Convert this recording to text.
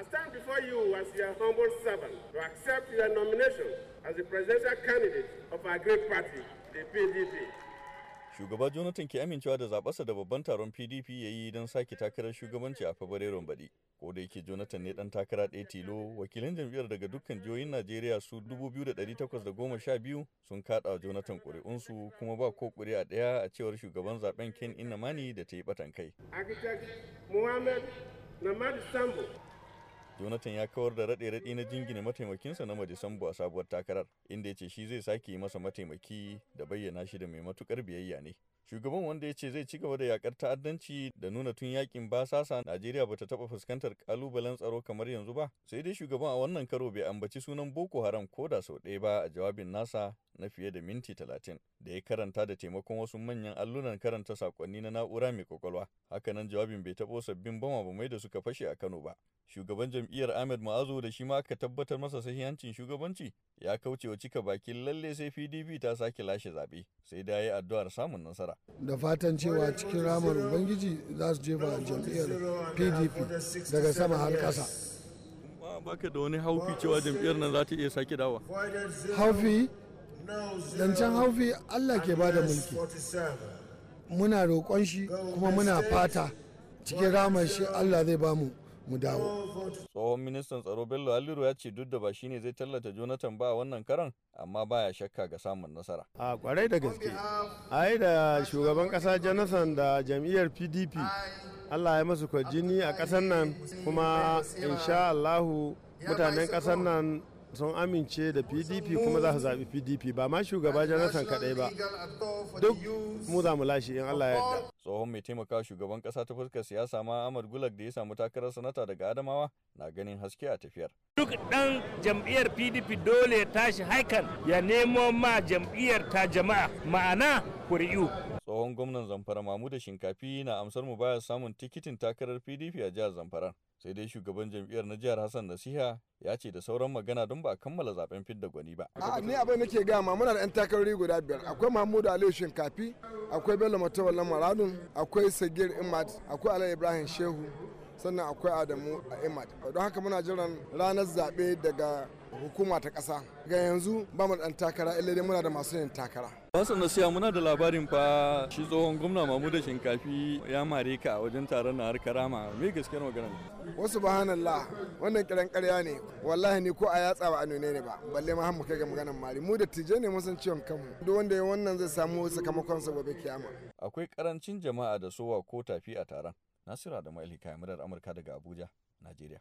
I stand before you as your humble servant to accept your nomination as the presidential candidate of our great party, the PDP. shugaba jonathan ke amincewa da zaɓarsa da babban taron pdp ya yi don sake takarar shugabanci a fabrairun baɗi ko da yake jonathan ne ɗan takara ɗaya tilo wakilin jam'iyyar daga dukkan jihohin najeriya su 2,812 sun kaɗa jonathan ƙuri'unsu kuma ba ko a ɗaya a cewar shugaban zaben ken inamani da ta yi batan kai architect muhammad namadi sambo Jonathan ya kawar da raɗe-raɗe na jingina mataimakinsa na Madisambu a sabuwar takarar, inda ya ce shi zai sake yi masa mataimaki da bayyana shi da mai matukar biyayya ne. Shugaban wanda ya ce zai ci gaba da yakar ta'addanci da nuna tun yakin basasa Najeriya bata taba fuskantar kalubalen tsaro kamar yanzu ba. Sai dai shugaban a wannan karo bai ambaci sunan Boko Haram ko da sau ɗaya ba a jawabin nasa na fiye da minti talatin da ya karanta da taimakon wasu manyan allunan karanta sakonni na na'ura mai kwakwalwa hakanan jawabin bai taɓo sabbin bama mai da suka fashe a kano ba shugaban jam'iyyar ahmed ma'azu da shi ma aka tabbatar masa sahihancin shugabanci ya kauce wa cika bakin lalle sai pdp ta sake lashe zaɓe sai da ya yi addu'ar samun nasara da fatan cewa cikin ramar ubangiji za su jefa jam'iyyar pdp daga sama har kasa baka da wani haufi cewa jam'iyyar nan za ta iya sake dawa haufi zancen haufi allah ke ba da mulki muna roƙon shi kuma muna fata cikin ramar shi allah zai ba mu. mu dawo. Tsohon ministan tsaro Bello Aliru ya ce duk da ba shi ne zai tallata Jonathan ba wannan karan amma baya shakka ga samun nasara. A kwarai da gaske. a yi da shugaban ƙasa Jonathan da jam'iyyar PDP Allah ya masu kwajini a ƙasar nan kuma insha Allahu mutanen ƙasar nan sun amince da pdp kuma za su zaɓi pdp ba ma shugaba jonathan kaɗai ba duk mu za mu lashe in allah yadda. tsohon mai taimaka shugaban ƙasa ta fuskar siyasa ma ahmad gulag da ya samu takarar sanata daga adamawa na ganin haske a tafiyar duk ɗan jam'iyyar pdp dole ya tashi haikan ya nemo ma jam'iyyar ta jama'a ma'ana kuri'u Tsohon gwamnan Zamfara da Shinkafi na amsar mu baya samun tikitin takarar PDP a jihar Zamfara. Sai dai shugaban jam'iyyar na jihar Hassan Nasiha ya ce da sauran magana don ba a kammala zaben fidda gwani ba. A ni abin nake gaya ma muna da yan takarori guda biyar akwai Mahmud Aliyu Shinkafi akwai Bello Matawalla Maradun akwai Sagir Imad akwai Alai Ibrahim Shehu sannan akwai Adamu a Imad don haka muna jiran ranar zaɓe daga hukuma ta ƙasa ga yanzu ba mu da ɗan takara illa dai muna da masu yin takara. masu Nasiya muna da labarin fa shi tsohon gwamna Mahmudu Shinkafi ya mare ka a wajen taron na harkar rama me gaskiyar magana wasu bahanallah wannan kiran karya ne wallahi ni ko a yatsa ba a nune ne ba balle ma mu kai ga maganar mari mu da tije ne mun san ciwon kanmu duk wanda ya wannan zai samu sakamakon sa gobe kiyama akwai karancin jama'a da sowa ko tafi a taron Nasira da Maili Kamilar Amurka daga Abuja Najeriya